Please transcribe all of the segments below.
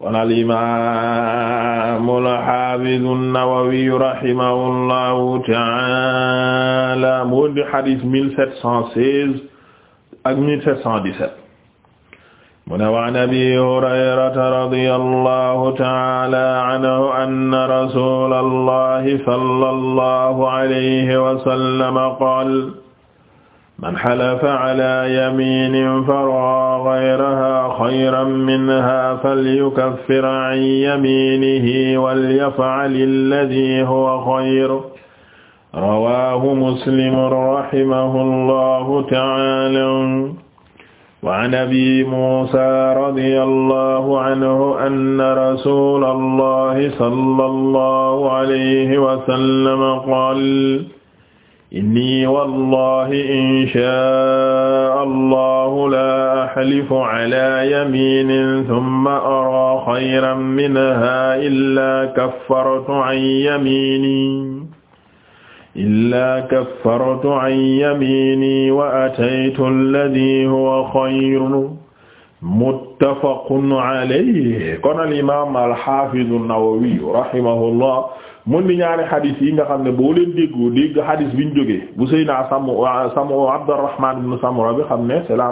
kon alimaamul xaafidu nawawi rahimahullahu taala mu indi xadis mille sept cent seize ak mille sept cent dix-sept mu ne waan abi hurayrata radiyallahu taala anhu anna rasulallahi sallallahu alayhi wa sallam qaala man xalafa ala yaminin faraa gayraha xayran minha falyukaffir an yaminihi walyafcal alladi huwa xayr rawaahu muslim rahimahu allahu tacaala wa an abi muusa radiya allahu anhu anna rasuula allahi sallallahu alayhi wa sallam qaala inni wallahi inshaa allahu la axlifu ala yaminin tumma ara xayran minha illa kaffartu an yamini illa kaffartu an yamini wa ataytu alladi huwa xayru muttafaqun alayhi kon al imaam al xaafidu nawawi rahimahullah mun ni ñaari xadis yi nga xam ne boo leen déggu dégg xadis biñ jógee bu Seydina Samu Samu Abdurrahman ibn Samura bi xam ne c'est la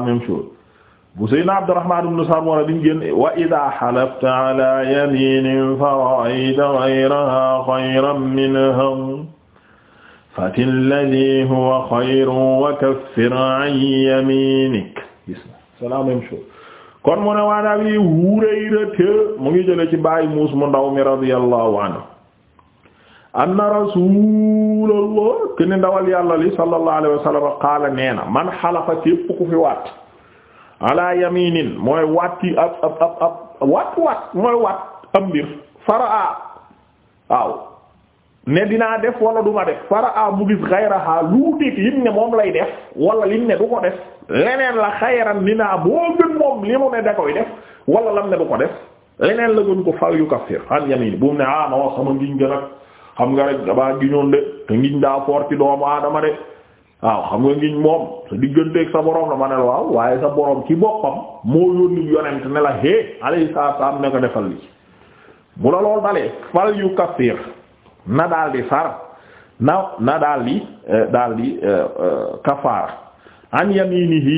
Samura biñ génn wa ida xalafta ala yaminin fa ra'ayta ghayraha khayran minha fati alladhi huwa mu waan abi Hurayra mu ngi jële ci bàyyi muus mu ndaw mi radiyallahu anhu anna rasulallah kene ndawal yàlla li sallallahu alayhi wa sallam qaala nee na man xalafa képp ku fi waat ala yaminin mooy waat ci ab ab ab waat waat mooy waat am faraa waaw ne dinaa def wala du def faraa mu gis xayraha luuteeg lim ne moom lay def wala lim ne du def leneen la xayran dinaa boo moom li ne da koy def wala lam ne du ko def leneen la gën ko fal yukaffir an bu mu ne ah non sama ngiñ xam nga rek damaa giñoon de te ngiñ daa foor ci doomu aadama de waaw xam nga ngiñ moom sa digganteeg sa borom la ma ne la waaw waaye sa borom ci boppam moo yónni yonent ne la hé alayhi salaam ne ko defal li mu la lool dalee fal yu kaffir na daal di sar na na daal di eh, daal di eh, eh, kafaar an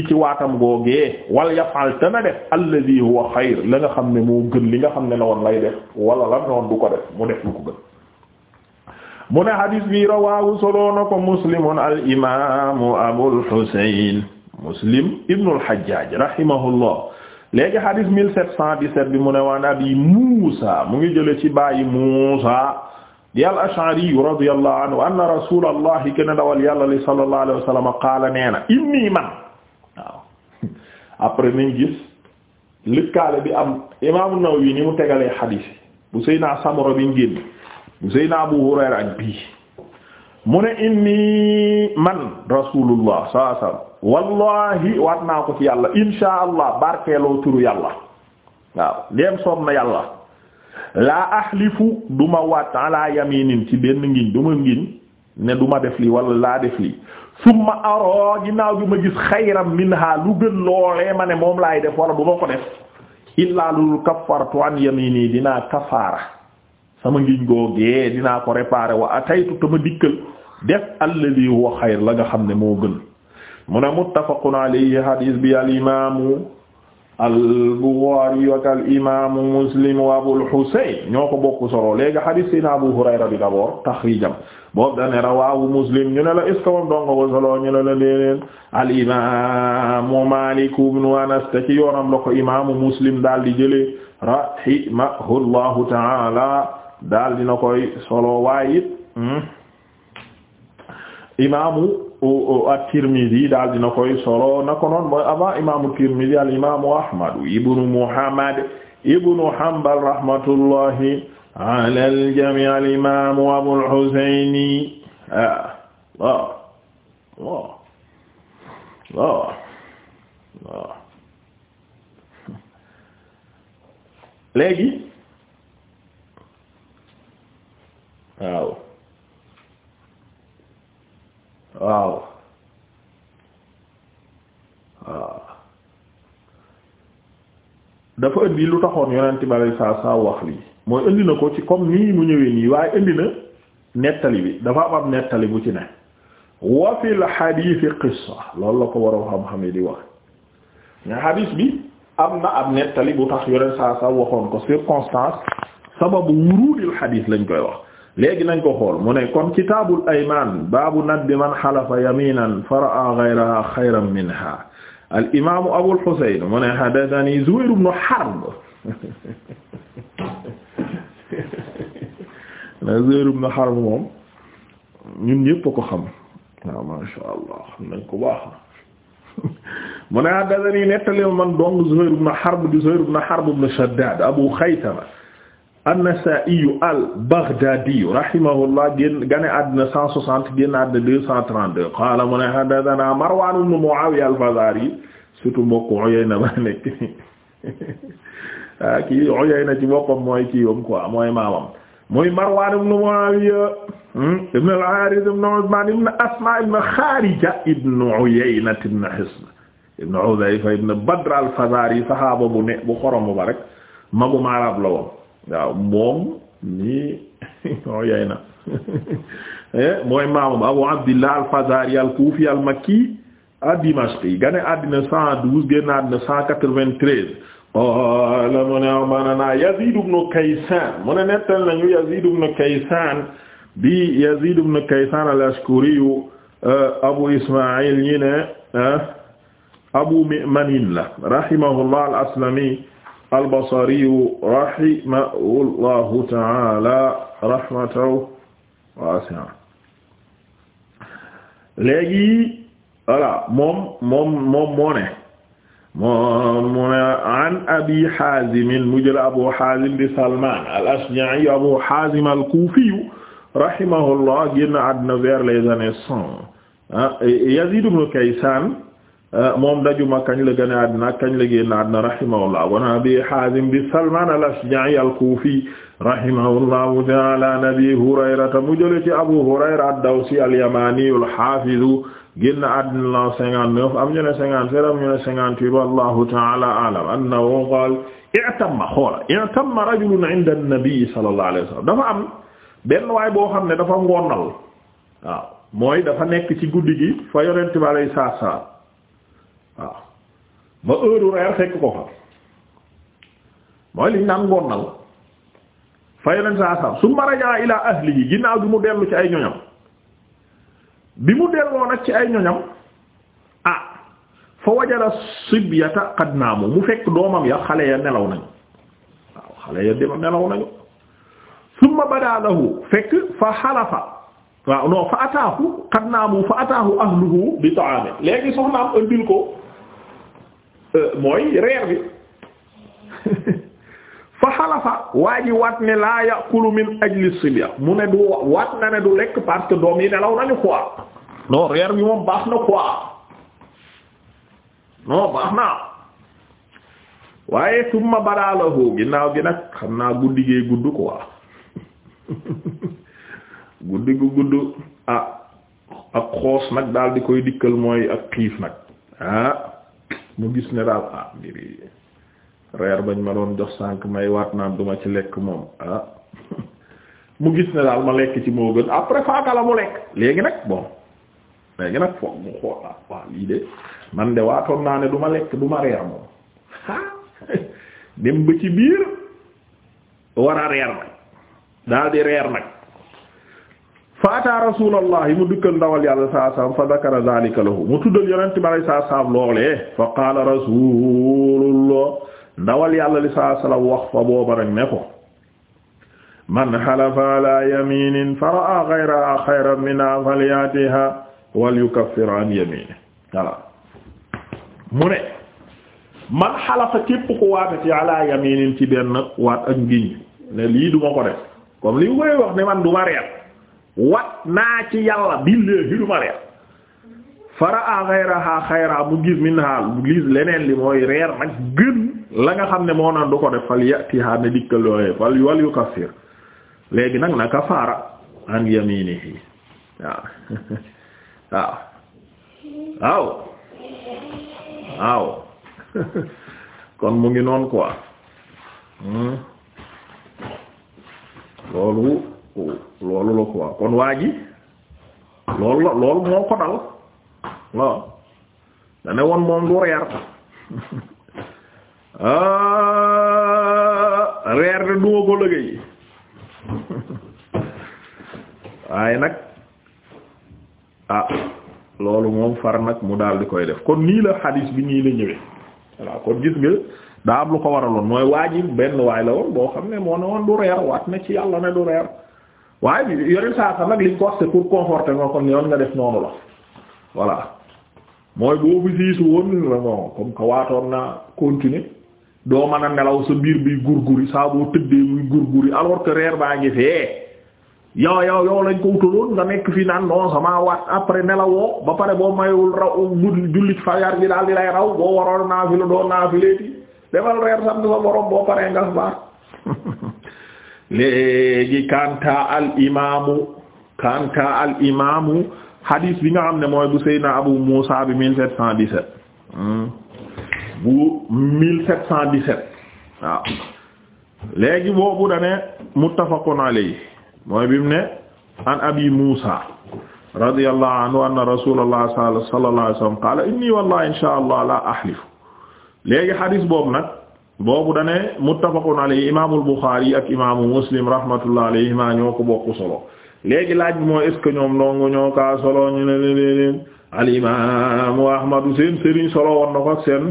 ci waatam googee wal yafal te na def alladhi huwa xayr la nga xam ne moo gën li nga xam ne la lay def wala la noon du ko def mu def lu ko gën mu ne hadis bi rawaahu solo na ko muslimun al imaamu abul husayn muslim ibnul hajjaaj rahimahullah léegi hadis bi mu ne waan abi muusa mu ngi jële ci bàyyi muusa di al ash'ari radiyallahu anhu anna rasulallahi kana yàlla li sallallahu alayhi wa sallam na inni man waaw après nañ gis lëkkaale bi am imaamu Nawawi ni mu tegalee hadis bu sëy naa samoro biñ génn bu Seydina Abu Hurayra ak bii mu ne inni man rasulullah sallallahu alayhi wallahi waat naa ko ci yàlla insha allah barkeeloo turu yàlla waaw leem soob na yàlla laa ahlifu duma waat ala yaminin ci benn ngiñ duma ngiñ ne duma def lii wala laa def lii summa aro ginnaaw bi ma gis xayran minha lu gën loolee ma ne moom laay def wala duma ko def illaa lul kafartu an yamini dinaa kafaara sama ngiñ googee dinaa ko réparer wa ataytu te ma dikkal def alladhi huwa xayr la nga xam ne moo gën mu ne muttafaqun alayhi hadis bi al imaamu al Buxaari wa al imaamu Muslim wa Abul Husayn ñoo ko bokk solo léegi hadis sina Abu Hurayra bi d'abord taxrijam boobu dane rawaahu Muslim ñu ne la est-ce que moom doon nga ko solo ne la déedéet al imaamu Maalik ibn Anas te ci yoonam la ko Muslim daal di jëlee rahimahullahu ta'ala daal dina koy solo waaye it hmm, imaamu at-Tirmidhi daal dina koy ko noon mooy al imaamu Ahmadu Muhammad ibnu Hanbal rahmatullahi ala al-jamii al imaamu Abul Husayni ah waaw waaw waaw waaw dafa indi lu taxoon yonent bi alayhi salaatu wax lii mooy indi na ko ci comme nii mu ñëwee nii waaye indi na nettali bi dafa am am nettali bu ci ne wa la xadiisi qissa loolu la ko waroo xam-xam yi di wax nga xadiis bi am na ab nettali bu tax yonent saa saa waxoon ko circonstance sababu wuruudil xadiis lañ koy wax léegi nañ ko xool mu ne kon kitaabul aymaan baabu nadbi man xalafa yaminan fara'a ghayraha xayran minha al imaamu abul husayn mu harb zuhayr harb moom ñun ñépp a ko xam nañ ko baax mu man dong zuhayr ibn harb di zuhayr abu xaytama an-Nasaa'iyu al-Baghdaadiyu rahimahullah génn gane àddina 160 génn àddina 232 qaala mu ne haddathanaa Marwaan ibn Mu'aawiya al-Fazaari surtout mbokk Uyayna ba nekk ah kii Uyayna ci boppam mooy kii yom quoi mooy maamam mooy Marwaan ibn Mu'aawiya hmm, ibn al-Haarith ibn Usmaan ibn Asmaa ibn Xaarija ibn Uyayna ibn Hisn ibn Hudayfa ibn Badr al-Fazaari saxaaba bu ne bu xorom ba rek magu maarab la woon waaw moom nii oo yey na eh, mooy maamum abu abdillah al-fazari al-kufi gane àddina cent douze génn àddina cent quatre-vingt-treize qala mu ne bi yazid ibn kaysan al eh, abu isma'il ñi eh, abu mi'manin la rahimahullah al-aslami albasariyu rahimahullahu taala rahmatan waasi'a léegi voilà moom moom moom moo ne moom mu ne an abi Haazim mu jël abu Haazim di Salmaan al-Ashja'i abu Haazim al-Kuufi rahimahullah génn àddina vers les années cent Yaziid ibn Kaysaan Euh, moom dajuma kañ la gane àddina kañ la génn àddina rahimahullah Haazim bi Salman al-Ashja'i al-Kufi ta'ala an Abi mu jële Abu Hurayra ad-Dawsi al-Yamani al-Hafiz génn am ñu ne 57 am ñu ne 58 ta'ala a'lam annahu qala i'tamma xoola i'tamma rajulun 'inda an-nabi sallallahu alayhi xam ne dafa ngoonal mooy dafa nekk ci guddi gi fa yonent bi alayhi salaam waaw ma heure reer fekk ko fa mooy liñ naan ngoon na la fa yonent saa saam su marajaa ilaa ginnaaw bi mu dellu ci ay ñoñam bi mu delloo nag ci ay ñoñam ah fa wajara sibyata qad naamu mu fekk doomam ya xale ya nelaw nañu waaw xale ya dema nelaw nañu summa badaa fekk fa xalafa waaw non fa ataahu qad naamu fa ataahu ahluhu bi ta'aam léegi soxnaam ëndil ko Euh, mooy reer bi fa xalafa waa ji waat ne laa yaqulu min ajli sibya mu ne du waat na ne du lekk parce doom yi nelaw nañu quoi non reer bi moom baax na quoi non baax na waaye tumma badaalahu ginnaaw gi nag xam naa guddi gee gudd quoi guddi gu gudd ah ak xoos nag daal di koy dikkal mooy ak xiif nag ah mu gis ne daal ah mbiri reer bañ ma doon jox sànq may waat naan duma ci lekk moom ah mu gis ne daal ma lekk ci ma gën après faaka la mu lekk léegi nag bon léegi nag foog mu xool ah waaw lii de man de waatoon naa ne du ma lekk du ma reer moom ah ba ci biir war a reer nag daal reer nag fa ataa rasulallahi mu dikkal ndawal yàlla saa saam fa dakara zalika lahu mu tuddal fa qaala rasulullah ndawal yàlla li saa salam wax fa booba nag ne ko man xalafa ala yaminin fa raa xayraa xayran minha falyatiha wal yukaffir an yamini voilà mu ne man xalafa képp ku waatati ala yaminin ci benn waat ak ngiñ ne lii duma ko def comme li mu wax ne man duma reet wat naa ci yàlla billaahi du ma reer faraa xayraha xayra mu gis minha mu gis leneen li mooy reer nag gën la nga xam ne moo naan du ko def fal yatiha ne dikkal yooye fal wal yu kafir léegi nag na kafaara an yaminihi waaw waaw waaw waaw kon mu ngi noonu quoi hmm. loolu loolu la kon waa ji loolu lool loolu moo ko dal waaw da ne woon moom du reer ah reer de duma ko liggéey waaye nag ah loolu moom far nag mu daal di koy def kon nii la xadiis bi nii la ñëwee voilà kon gis nga daa am lu ko waraloon mooy waajib benn waay la woon boo xam ne moo ne woon du reer waat ci yàlla ne du reer waaye yore saa sax nag liñ ko wax c'est pour conforter nga kon yoon nga def noonu la voilà mooy boobu siisu woon la non comme que waatoon naa continuer doo mën a nelaw sa biir bi gurguri saa boo tëddee muy gurguri alors que reer baa ngi fee yow yow yow lañ ko wutaloon nga nekk fi naan non sama waat après nelawoo ba pare boo mayul raw gudd jullit fajar bi daal di lay raw boo waroon naa fi la doon naa fi léegi defal reer sa borom boo paree ngas léegi kanta al imaamu kanta al imaamu hadis bi nga xam ne mooy bu Seydina Abu Muusa bi mille sept cent dix-sept hmm? bu dane muttafaqun alayhi mooy bi mu an abi Muusa radiyallahu anhu anna rasulullah sallallahu alayhi wasallam qala inni wallahi insha allah la ahlifu léegi hadis boobu nag boobu dane muttafaqun alayhi imaamul Buxaari ak imaamu Muslim rahmatullah alayhima ñoo ko bokk solo léegi laaj bi mooy est-ce ñoom ndongo ñoo kaa solo ñu ne leen al imaamu Ahmadu seen sëriñ solo woon ak seen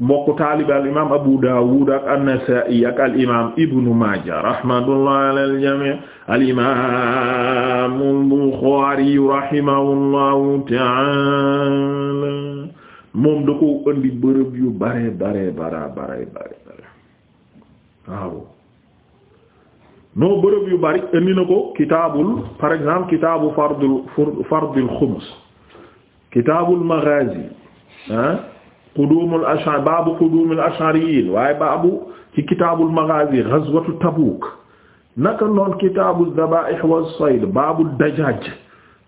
mbokk taalibe al imaam Abu Daawud ak an ak al imaam Ibnu Maaja rahmatullah alal jamii al imaamul Buxaari rahimahullahu ta'ala moom da ko indi bërëb yu bare bare bara bare bare waaw noo bërëb yu bari indi na ko kitaabul par exemple kitaabu fardul fardul xumus kitaabul maghazi ah qudumul ash'ari baabu qudumul ash'ariyin waaye baabu ci kitaabul maghazi ghazwatu tabuk naka noon kitaabu dhabaih wa sayd baabu dajaaj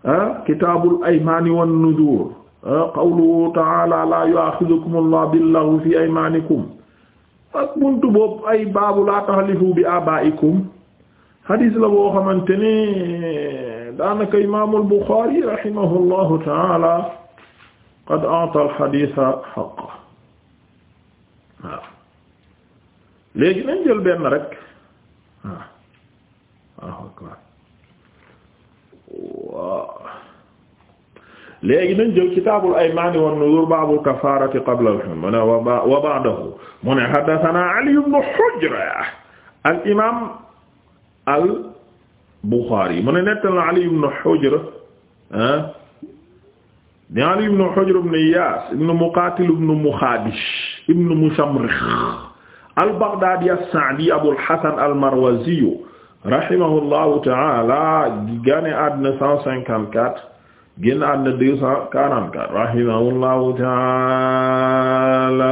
ah kitaabul aymaani wan nudur ah, qawluhu ta'ala la yu'akhidhukum allahu bil-laghwi fi aymanikum ak buntu boobu ay baabu laa la boo xamante ne daanaka imaamul Buxaari taala qad a'ta al-xadiisa xaqqa waaw léegi nañ rek léegi nañ jël kitaabul aymaani wan nuzuur baabul kafaarati qabla al-hulm mu ne wa ba'dahu mu ne haddathanaa Ali ibn Hujra al imaam al Buxaari mu ne nettal Ali ibn Hujra ah di Ali ibn Hujra ibn Iyaas ibn Muqaatil ibn Muxaabish ibn Mushamrix al-Baghdaadi as-Sa'di Abul Hasan al-Marwazi rahimahullahu ta'aala gane àddina 154. génn àdduna deux cent quarante-quatre rahimahullahu taala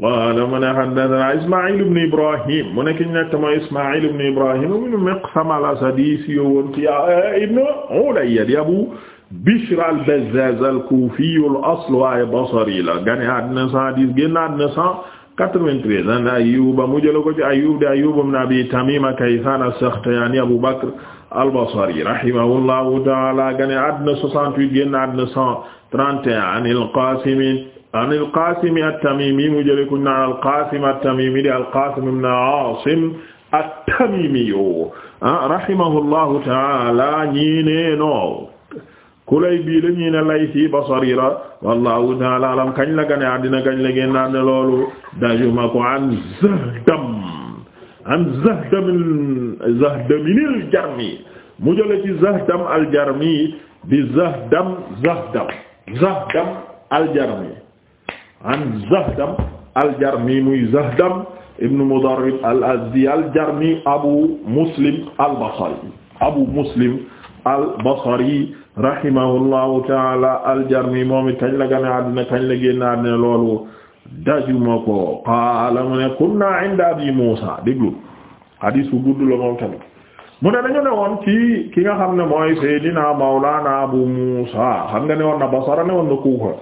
qala mu ne haddathana ismail ibne ibrahim mu ne ki ñu nekk mooy ismail ibne ibrahim ibnu miqsam al-asadi si yo woon ci eh, ibnu ulayya di abu bishr al-bazzaz al-kufi al-asl waaye basri la génn àdduna cent dix génn àdduna cent 93 an Ayyuba mu jël ko ci Ayyub de Ayyub ibn Abi Tamima Kaysan as-Sakhtiyani Abu Bakr al-Basri rahimahullahu ta'ala gane àddina 68 génn àddina 131 an al-Qasim an al-Qasim at-Tamimi mu jël ko na al-Qasim at-Tamimi de al-Qasim ibn Asim at-Tamimi ah, rahimahullahu ta'ala ñi ne no Kulaybi la ñuy ne Laysi Basri la wallahu ta'ala alam kañ la gane àddina kañ la génn àddina loolu dajuma ko an Zahdam an Zahdam Zahdam al-Jarmi mu jële ci Zahdam al-Jarmi bi Zahdam Zahdam Zahdam al-Jarmi an Zahdam al-Jarmi muy Zahdam ibn Mudarrib al-Azdi al-Jarmi Abu Muslim al-Basri Abu Muslim al-Basri rahimahullahu taala aljarmi moom it kañ la gane àddina kañ la génn àddina loolu dajuma ko qaala mu ne kunna inda abi Muusa déglu hadis bu gudd la moom tamit mu ne dañu ne woon ci ki nga xam ne mooy Seydina Mawlana Abu Muusa xam nga ne woon na Basra ne woon na Kuufa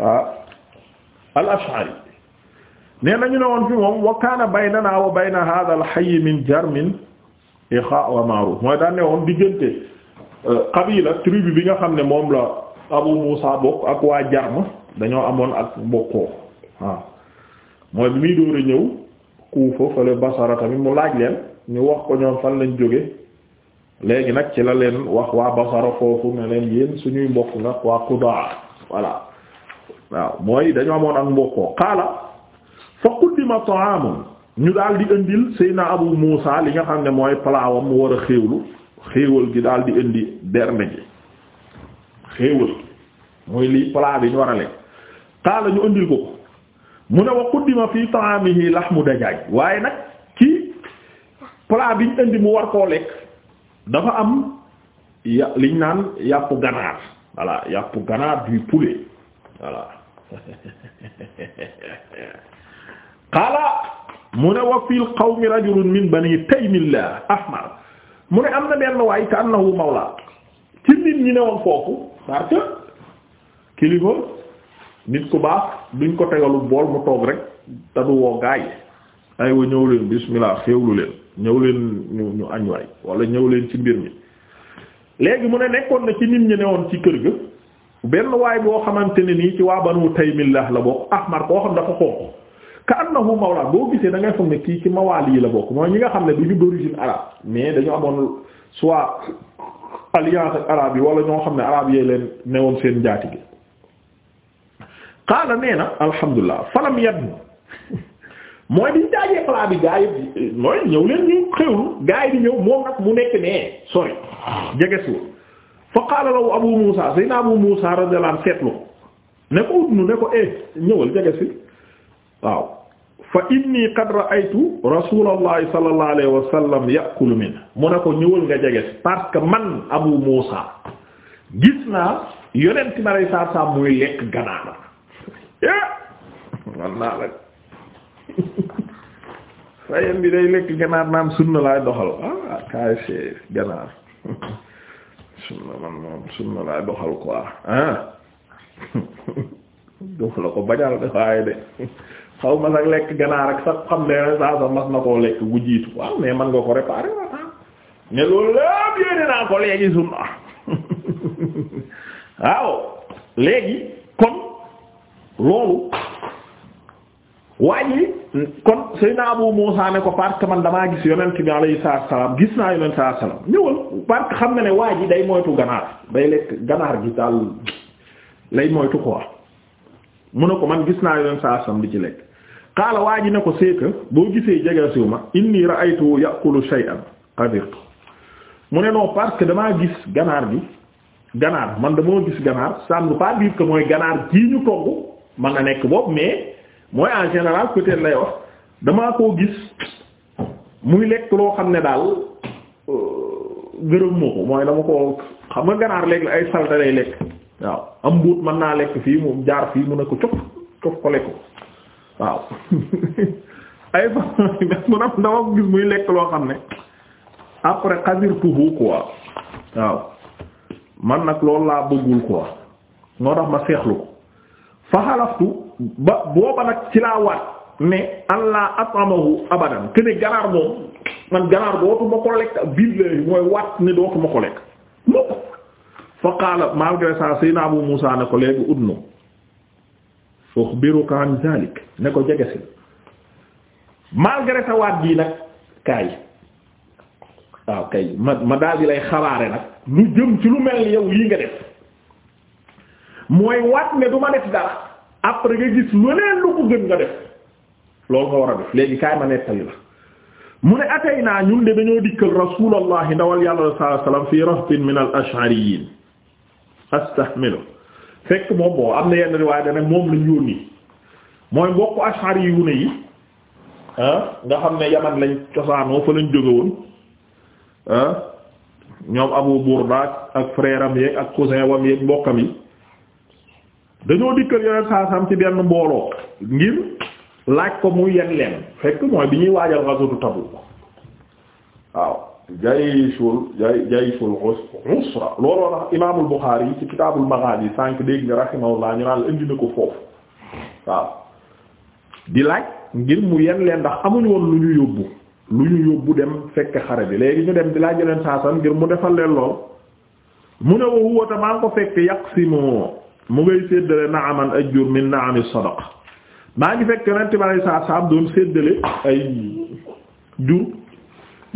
ah al-Ash'ari nee nañu ne woon fi moom wa kaana baynana wa bayna hadha al-hayy min jarmin iqaa wa ma'ruf mooy daan ne woon diggante xabila tribu bi nga xam ne moom la Abu Muusa bokk ak waa Jarm dañoo amoon ak bokkoo waaw mooy bi muy dóor ñëw Kuufa fële Basara tamit mu laaj leen ñu wax ko ñoom fan lañ jóge léegi nag ci la leen wax waa Basara foofu ne leen yéen suñuy mbokk nga waa Qudaa voilà waaw mooy dañoo amoon ak mbokkoo qaala fa quddima ta'aamun ñu daal di indil Seydina Abu Muusa li nga xam ne mooy palaawam mu war a xéewlu xéewal gi daal di indi berne gi xéewal mooy lii plat bi ñu war a lekk xaala ñu indil ko ko mu ne wa quddima fi ta'amihi lahmu dajaaj waaye nag ci plat bi ñu indi mu war koo lekk dafa am ya liñ naan yàppu ganaar voilà yàppu ganaar du poulet voilà xaala mu ne wa fil qawmi rajulun min bani taymillah ahmar mu ne am na benn waay ka annahu mawla ci nit ñi newoon foofu parce que kilifa nit ku baax duñ ko tegalu bool mu toog rek te du woo gaay ay wa ñëw leen bismillah xéewlu leen ñëw leen ñu ñu añ waay wala ñëw leen ci mbir mi léegi mu ne nekkoon na ci nit ñi woon ci kër gi benn waay boo xamante ne nii ci waa Banu Taymillah la bokk ahmar koo xam dafa xonq ka annahu mawla boo gisee da foog ne kii ci mawaali yi la bokk mooy ñi nga xam ne du ñu d'origine arabe mais dañu amoon soit alliance ak arabe yi wala ñoo xam ne arabe yee leen newoon seen njaatige qaala nee na alhamdulilah falam yadnu mooy biñ daajee plat bi gaa yi mooy ñëw ñu xewlu gaa yi ñëw moom nag mu nekk nee sori jegesul fa qaala lahu abu musa sayna abu musa radiyallahu anhu ne ko udnu ne ko eh ñëwal jege waaw fa inni qad ra'aytu rasulallahi sallallahu alayhi wa sallam mu ne ko ñëwal nga jege parce que man Abu Muusa gis naa yonent ma lay saa saa muy lekk ganaara eh! naa la sunna laay doxal ah kaay see ganaar sunna man moom sunna laay doxal quoi ah doxal ko bañal de de xaw ma sax lekk ganaar ak sax xam ne saa sa mas na koo lekk gu jiitu waaw mais man nga ko réparer waaw ah. ne loolu lépp yéene naa ko léegi sunna ah. waaw léegi kon loolu waaye kon Seydina Abu Muusa ne ko parce que man damaa gis yonent bi alayhi salaam gis naa yonent saa salaam ñëwal parce xam na ne waa ji day moytu ganaar day lekk ganaar gi daal lay moytu quoi mu ne ko man gis naa yonent saa salaam di ci lekk. qaala waa ji ne ko seeka boo gisee jege siw ma inni ra'aytu ya'kulu shay'an qadirtu mu ne non parce que damaa gis ganaar bi ganaar man damoo gis ganaar ça ne veut pas dire que mooy ganaar gii ñu togg mën na nekk boobu mais mooy en général peut-être lay wax dama ko gis muy lekk loo xam ne daal euh, gërëm moo ko mooy dama ko xam nga ganaar léegi ay salte lay lekk waaw am mbuut mën naa lekk fii moom jaar fii mu ne ko cof cof ko lekk waaw ay ba mu dama dama gis muy lekk loo xam ne après xasir tuhu quoi waaw man nag lool laa bëggul quoi moo tax ma seexlu ko fa xalaftu ba booba nag ci laa waat ne allah atamahu abadan que ne ganaar moom man ganaar dootuma ko lekk billahi mooy waat ne dootuma ko lekk mukk fa qaala malgré ça sayna Abu ne ko léegi udnu ukhbiruka an zalik ko jege si malgré sa waat bii nag kaay waaw kay ma ma daal di lay xabaare nag lu jëm ci lu mel yow lii nga def mooy waat ne du ma def dara après nga gis leneen lu ko gën nga def loolu nga war a def léegi kaay ma nettali la mu ne atay naa ñun de dañoo dikkal rasulullah ndawal yàlla sallallahu alayhi wasallam fi rahbin min al ash'ariyyin fekk moom bon am na yenn riwaay dana moom lañ yónni mooy mbokku ashari yu ne yi ah, nga xam ne yaman lañ cosaanoo fa lañ jóge woon ah, ñoom abu burda ak frère am ak cousin wam yeeg mbokkam yi dañoo dikkal yoneen saasam ci benn mbooloo ngir laaj ko mu yen leen fekk mooy bi ñuy waajal ghazwatu Tabuk waaw jayshul jay jayshul usra looloo tax imaamul Buxaari yi ci kitaabul Maghaazi sànq dégg nga rahimahullah ñu naan indi na ko foofu waaw di laaj ngir mu yen leen ndax amuñu woon lu ñu yóbbu lu ñu yóbbu dem fekk xare bi léegi ñu dem di laaj leen saasan ngir mu defal leen lool mu ne wa huwa ta maa ngi ko fekk yaqsimu mu ngay séddale na'aman ajur min na'ami sadaqa maa ngi fekk yonent bi alayhi salaam doon séddale ay jur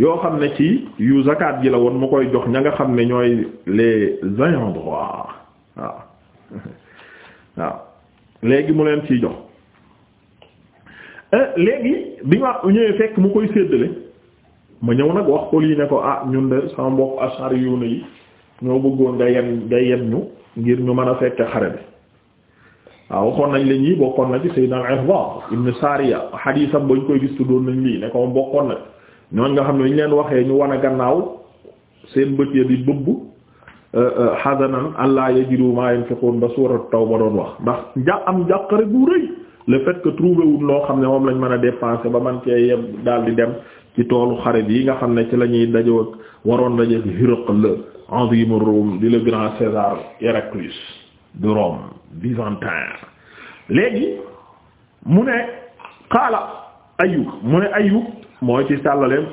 yoo xam ne ci yu zakat ji la woon mu koy jox ña nga xam ne ñooy le ayants droit waaw waaw léegi mu leen ciy jox eh, léegi bi ma ñëwee fekk mu koy séddale ma ñëw nag wax ko lii ne ko ah ñun de sama mbokk ashar yu ne yi ñoo bëggoon nga yem nga yem ñu ngir ñu mën a fekke xare bi waaw waxoon nañ la ñii bokkoon na ci Sayyidina al-Irbad ibn Sariya xadiisam bañ koy gis tuddoon nañ lii ne ko bokkoon na ñooñ nga xam ne ñu leen waxee ñu wan a gannaaw seen bët ya di bëbb xasanan euh, euh, allah yajidu ma yunfiqun ba taw tawba doon wax ndax nja am njàqare bu rëy le fait que trouvé wul loo xam ne moom lañ mën a dépenser ba man kee yeb daal di dem ci toolu xarit yi nga xam ne ci la ñuy dajoo ak waroon daje Hiraql azim Rome di le grand César Héraclius de Rome byzantin léegi mu ne qaala Ayyub mu ne Ayyub mooy ci sàllale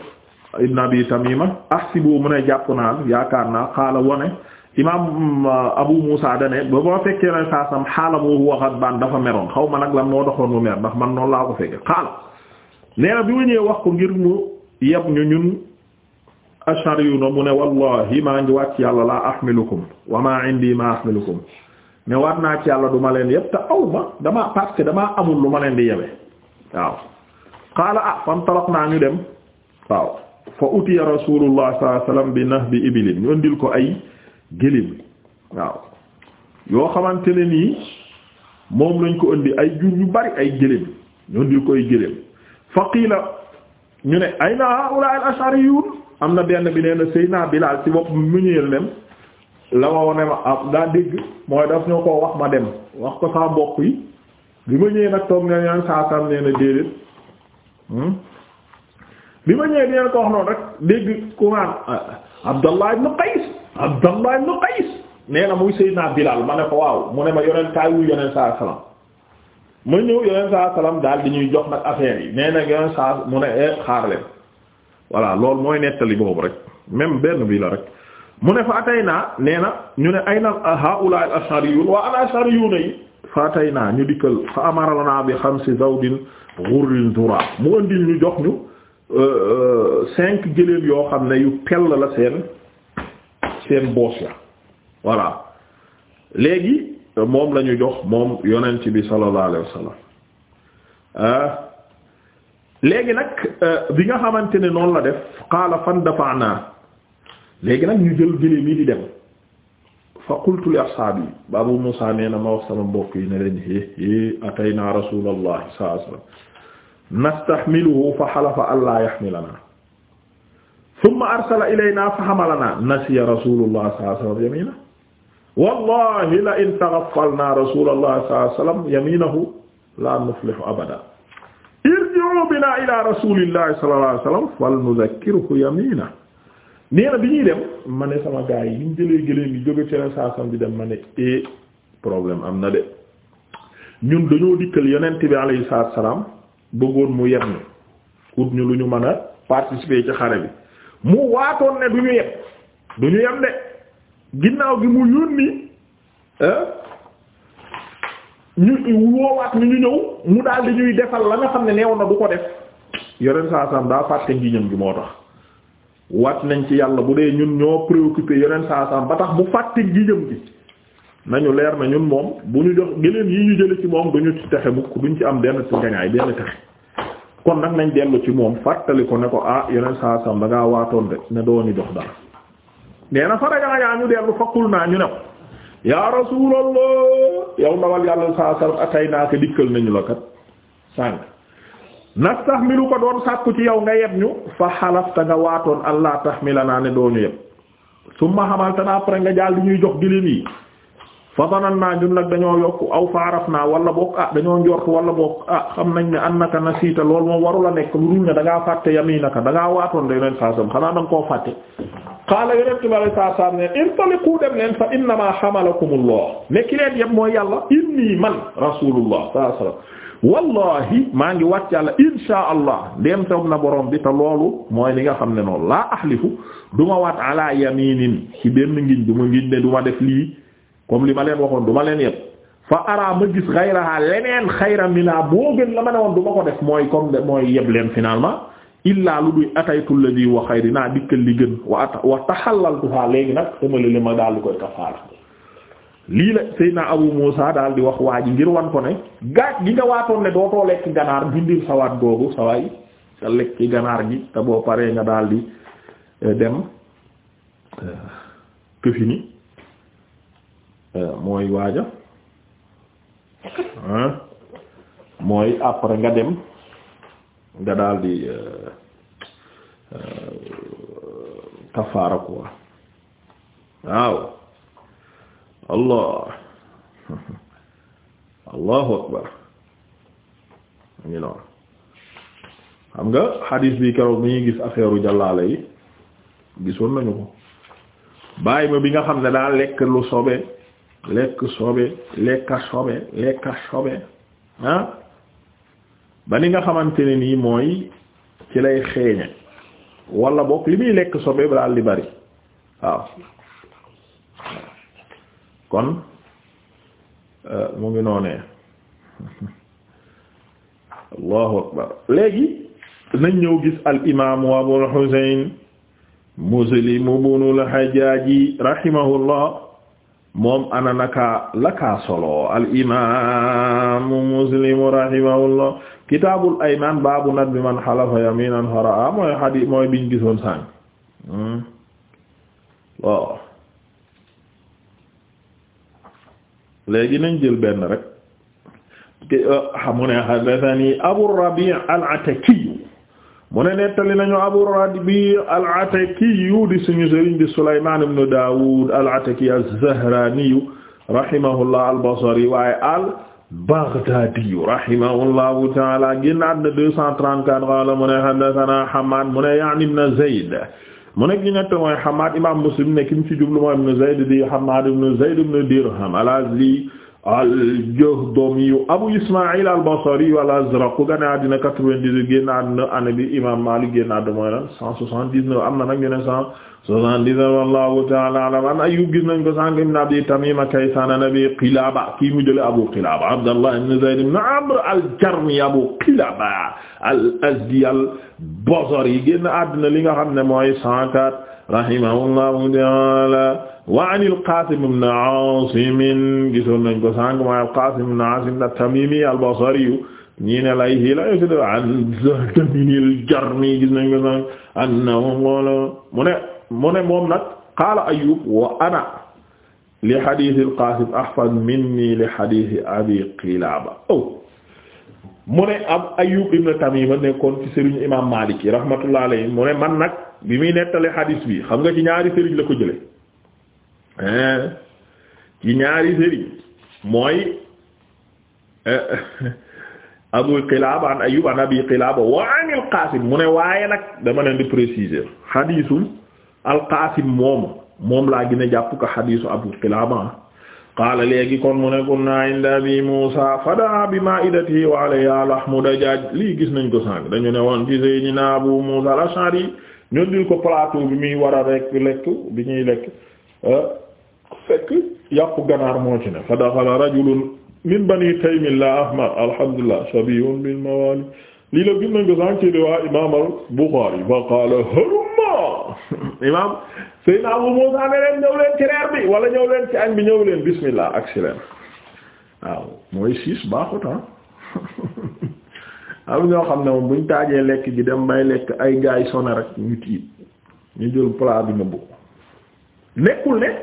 ibn abi tamima ahsibu mu ne jàpp naa yaakaar naa xaala wone imam uh, abu musa dane ba boo fekkee na saasam xaala mu huwa ghadbaan dafa meroon xaw ma nag lan moo doxoon mu mer ndax man noonu laa ko fekke xaala nee bi ma ñëwee wax ko ngir mu yeb ñu ñun ashariyuna mu ne wallahi maa ngi waat ci yàlla laa ahmilukum wa maa indi ma ahmilukum ne waat naa ci yàlla duma leen yeb te aw ma damaa parce amul lu ma leen di yebe waaw qaala ah fantalaq naa ñu dem waaw fa utiya rasulullah sallallahu alayhi wasallam bi nahbi ibilin ñu indil ko ay gëléem waaw yoo xamante ne nii moom lañ ko indi ay jur yu bari ay gëléem ñu indil ko ay gëléem fa qiila ñu ne ayna haula al ashariyun am na benn bi nee na Seyna Bilal ci bopp mu ñëwee dem la ma wane ma ah daa dégg mooy daf ñoo ko wax ma dem wax ko saa mbokk yi bi ma ñëwee toog ne ñaan saa sam nee déedéet hum bi ma ñëwee dinañ ko wax noonu rek dégg ku naan euh, Abdallah ibn Qays Abdallah ibn Qays nee na muy Seydina Bilal ma ne ko waaw mu ne ma yoneen kaay wu yoneen saa salaam ma ñëw yoneen saa salaam daal di ñuy jox nag affaire yi nee na yoneen saa mu ne eh, xaar leen voilà loolu mooy nettali boobu rek même benn bi la rek mu ne fa atay naa nee ñu ne ay na haula al ashariyun waa al ashariyun yi fatay naa ñu dikkal fa amaralana bi si zawdin ghurrin zura mu andil ñu jox ñu euh, euh, cinq gëléem yoo xam ne yu pell la seen seen boos ya voilà léegi moom la ñu jox moom yonent bi sallallahu alayhi wasallam euh, léegi nag bi nga xamante ne noonu la def qaala fan dafa naa léegi nag ñu jël gëléem yi di dem fa qultu li ashaabi ba Abu Muusaa nee na ma wax sama mbokk yi ne leen hé hé ataynaa rasuulallahi sallallahu alayhi wa sallam nastahmiluhu fa halafa allaa yahmilanaa thumma arsala ilaynaa fa hamalanaa nasiya rasuulullahi sallallahu alayhi wa sallam yamiina wallahi la in taghaffalnaa rasuulallahi sallallahu alayhi wa sallam yamiinahu laa nuflihu abadan irji'uu binaa ilaa rasuulillahi sallallahu alayhi wa sallam falnudhakkiruhu yamiinahu nee bi ñuy dem ma ne sama gars yi ñu jëlee gëléem bi jóge ci saasam bi dem ma ne eh problème am na de ñun dañoo dikkal yonent bi alayhi salaatu salaam bëggoon mu yem ni ut ñu lu ñu mën a participer ci xare bi mu waatoon ne du ñu yem du ñu yem de ginnaaw gi mu yónni eh, ñu woowaat ñu ñu ñëw mu daal di ñuy defal la nga xam ne neew na du ko def yonent saasam daa fàtte ngi gi moo tax. wat nañ ci yàlla bu dee ñun ñoo préoccupé yeneen saasam ba tax bu fàtte gijëm gi nañu leer na ñun moom bu ñu jox gëléem yi ñu jële ci moom duñu ci texe mukk duñ ci am benn ci ngañaay benn texe kon nag nañ dellu ci moom fàttali ko ne ko ah yeneen saasam da ngaa waatoon de ne dooni jox dara nee na faragaa yaa ñu dellu fakkul naa ñu ne ko yaa rasuulallah yow ndawal yàlla saasam atay naa ko dikkal nañu la kat sànq nastahmilu ko doon sàkku ci yow nga yeb ñu fa xalafta nga waatoon allah tahmilana ne doo ñu yeb summa hamaltana après nga jaal di ñuy jox gilim yi fa danannaa ñun nag dañoo yokk aw fa arafna wala boog ah dañoo njort wala boog ah xam nañ ne annaka nasiita lool moom warula nekk da ngaa fàtte yaminaka da ngaa waatoon da yoneen saasam xanaa da nga koo fàtte xaala yoneen ti bala saasam dem leen fa innama hamalakumullah nekki leen yeb mooy yàlla inni man rasulullah sallallahu alayhi wasallam wallahi maa ngi wàcc yàlla insha allah ndéem soob na boroom bi te loolu mooy li nga xam ne noonu laa axlifu du ma waat ala yaminin ci benn ngiñ du ma ngiñ ne du ma def lii comme li ma leen waxoon du ma leen yépp fa araa ma gis xayraha leneen xayra mina boo gën la ma ne woon du ma ko def mooy comme mooy yeb leen finalement illaa lu duy ataytu la di wa xayri naa dikkal li gën wa at wa taxalaltuha léegi nag sama li ma daal di koy kafaara lii la Seydina Abu Muusa daal wax waa ji ngir wan ko ne gaaj gi nga waatoon ne dootoo lekk ganaar bindil sawaat googu sawaay sa lekk ganaar gi te boo paree nga daal di eh, dem këfini eh, eh, mooy après nga dem nga daal di kafaara quoi waaw allah allahu akbar ñu noonu xam nga xadiis bi keroog bi ñuy gis affaire jàllaale yi gisoon nañu ko bàyyi ma bi nga xam ne daa lekk lu sobe lekk sobe lekka sobe lekka sobe ah ba ni nga xamante ne nii mooy ci lay xeeñe wala bokk li muy lekk sobe daal di bari waaw kon euh, mu ngi noonee allahu akbar léegi nañ ñëw gis al imaamu abul husayn muslim ibnul hajjaaji rahimahullah moom ana naka laka solo al imaamu muslim rahimahullah kitaabul aymaan baabu nadbi man halafa yaminan fara'a mooy hadiis mooy biñ gisoon sànq hmm? waaw léegi nañ jël benn rek euh, ah, mu ne hadathani Abu Rabi' al-Ataki mu ne nettali nañu Abu Rabi' al-Ataki di suñu sëriñ di Sulaymaan ibn Daawud al-Ataki az-Zahrani rahimahullah al-Basri waaye al-Baghdadi rahimahullahu ta'ala génn àddina 234 qaala mu ne hadathana Hammad mu ne ya'ni ibn Zayd mu nekk ñu nett mooy Hammaad imaam Muslim ne ki mu ci jublu mooy ibn Zayd di Hammaad ibn Zayd ibn Dirham al-Azdi al-Juhdami Abu Isma'il al-Basri al-Azraq gane àddina 98 génn àddina année bi imaam Maalik génn àddina mooy lan 179 am na nag ñu ne 179 a ta'ala a'lam an Ayyub gis nañ ko sànq ibn Abi Tamima Kaysan an Abi Qilaba kii mu jële Abu Qilaba Abdallah ibn Zayd ibn Amr al-Jarmi Abu Qilaba al-Azdi al-Basri génn àddina li nga xam ne mooy 104 rahimahullahu ta'ala wa an al-Qaasim ibn Aasim gisoon nañ ko sànq ma al-Qaasim ibn Aasim at-Tamiimi al-Basri ñi ne lay hi la yusd an Zahdami al-Jarmi gis nañ ko sànq annahu qaala mu ne mu ne moom nag qaala Ayyuub wa ana li hadiith al-Qaasim ahfaz minni li hadiith Abi Qilaaba aw oh, mu ne ab Ayyuub ibn Tamiima nekkoon ci sëriñ imaam Maalik rahmatullahi alayhi mu ne man nag bi muy nettali hadiis bi xam nga ci ñaari sëriñ la ko jëlee. Eh, ci ñaari sëriñ mooy eh, Abu Qilaaba an Ayyub an Abi Qilaaba al-Qaasim mu ne waaye nag dama leen di préciser xadiisu al-Qaasim moomu moom laa gën a jàpp ko xadiisu Abu Qilaaba ah. qaala léegi kon mu ne kunnaa inda Abi fadaa bi maa'idatihi wa alayhaa lahmu dajaaj lii gis nañ ko sànq dañu ne woon ci Abu Muusaa al-Ash'ari ñu dil ko plateau bi muy war a rek lekk bi ñuy lekk eh, fekk yàpp ganaar moo ci ne fa daxala rajulun min bani taymillah ahmar alhamdulillah shabihun bil mawali lii la gis nañ ko sànq ci riwaa imaam al fa qaala harumma imaam Seydina Abu Muusaa ne leen ñëw leen ci reer bi wala ñëw leen ci añ bi ñëw leen bismillah ak leen waaw mooy siis baaxut ah. am ñoo xam ne moom buñ taajee lekk gi dem bay lekk ay gaay sone rek ñu tiit ñu jël plat bi nëbbu nekkul ne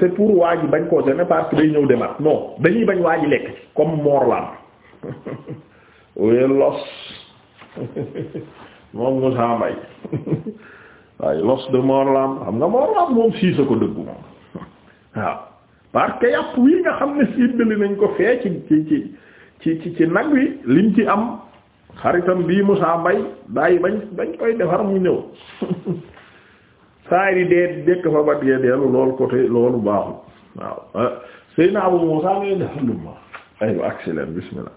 c'est pour waa ji bañ koo gêner parce que day ñëw demaat non dañuy bañ waa ji lekk ci comme Morlan we los moom Moussa Mbaye waaye los de Morlan xam nga Morlan moom siisa ko dëggu moom waaw parce que yàpp wi nga xam ne siddali nañ ko fee ci ci ci ci ci nag wi liñ ci am xaritam bii Moussa Mbaye bàyyi bañ bañ koy defar mu ñëw saa yi dee dekk fa ba dee dellu loolu côté loolu baaxul waaw ah. Seydina Abu Muusaa ne dalluma aywa aksi leen bismillah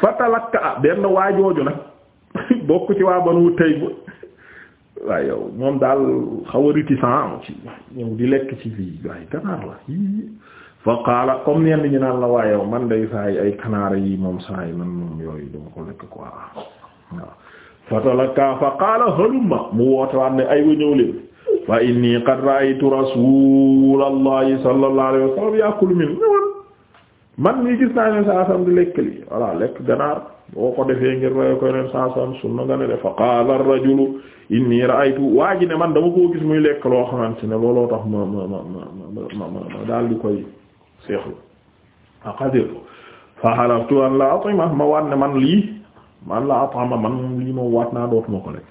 fatalakka ah, benn waajooju nag bokk ci waa Banu Taym waaye yow daal xaw a réticent ci ñëw di lekk ci fii waaye kanaar la fa qaala naan la waaye yow man day saa yi ay kanaara yi moom saa man moom yooyu dama ko lekk quoi waaw fatalakka fa qaala halumma mu woote waat ne ay wa ñëw leen fa inni qad ra'aytu rasulallahi sallallahu alayhi wa sallam ya'kulu min man mi gis naa ne saa di lekk li voilà lekk ganaar boo ko defee ngir rey ko ne saa sam sunna nga ne fa qaala ar inni ra'aytu waa ne man dama koo gis muy lekk loo xamante ne looloo tax ma ma ma ma daal di koy seexlu aqadir fa halaftu an la atima ma waat ne man lii man la atama man lii ma waat naa dootuma ko lekk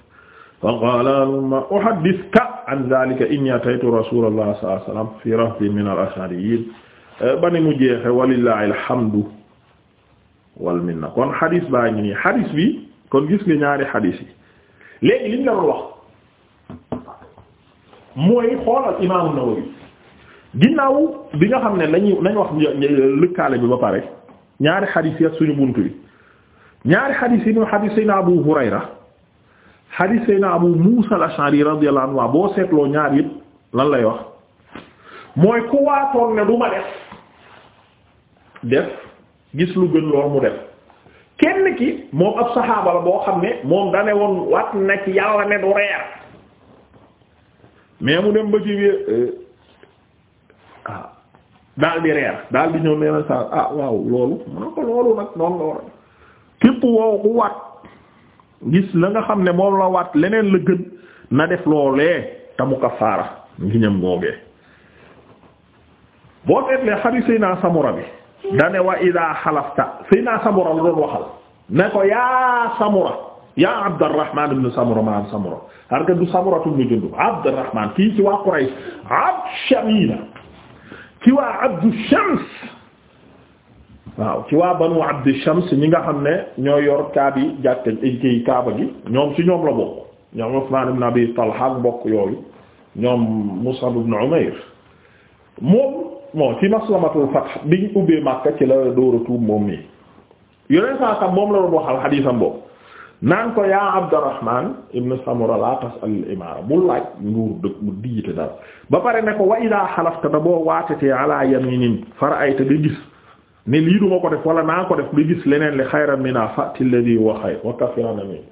fa qaala ma uhaddithuka an zalika inni ataytu rasulullah sallallahu fi rafdin min al-ashariyin ba ni mu jeexe walillahi alhamdu wal minna kon xadis baa ngi nii xadis bi kon gis nga ñaari xadis yi léegi liñ la doon wax mooy xoolal imaamu Nawawi ginnaaw bi nga xam ne lañuy nañ wax lëkkaale bi ba pare ñaari xadis yi suñu bunt bi ñaari xadis yi ñu xadis sayna Abu Hurayra xadiis sayna Abu Muusa al-Ash'ari radiyallahu anhu waa boo seetloo ñaar yëpp lan lay wax mooy ku waatoon ne du def def gis lu gën lool mu def kenn ki moom ab saxaaba la boo xam ne moom dane woon wat na ci ne du reer mais mu dem ba ci biir euh, ah, di reer daal di ñëw nee na ah waaw loolu mu ne ko loolu nag noonu la war képp ku wat gis la nga xam ne moom la waat leneen la gën na def loolee tamu kafaara ngi ñam googee boo seetlee xadiis Seydina Samura bi dane wa idaa xalafta Seydina Samura la doon waxal ne ko yaa Samura yaa Abdurrahman ibn Samura maanaam Samura parce que du Samura ibn Jundub Abdurrahman kii ci waa Quraysh Abd Shamina ci waa Abdu Shams waaw ci waa banu Abdi ñi nga xam ne ñoo yor kaab yi jàkka kii kaaba gi ñoom ci ñoom la bokk ñoom Usmaan ibn Abi Talha bokk yooyu ñoom Mus'ab ibn Umayr moom moom ci maslamatul fath biñ ubbee Makka ci la door moom nii yeneen saa sax moom la doon waxal xadiisam boobu naan ko yaa Abdurrahman ibn Samura la tas'al al-imaara bul laaj nguur dëkk mu diite daal ba pare ne ko wa idaa xalafta boo waatatee ala yaminin fara'ayta bi gis. ne lii duma ko def wala naa ko def lu gis leneen li xayran mina fa'ti alladhi huwa xayr wa kafiran min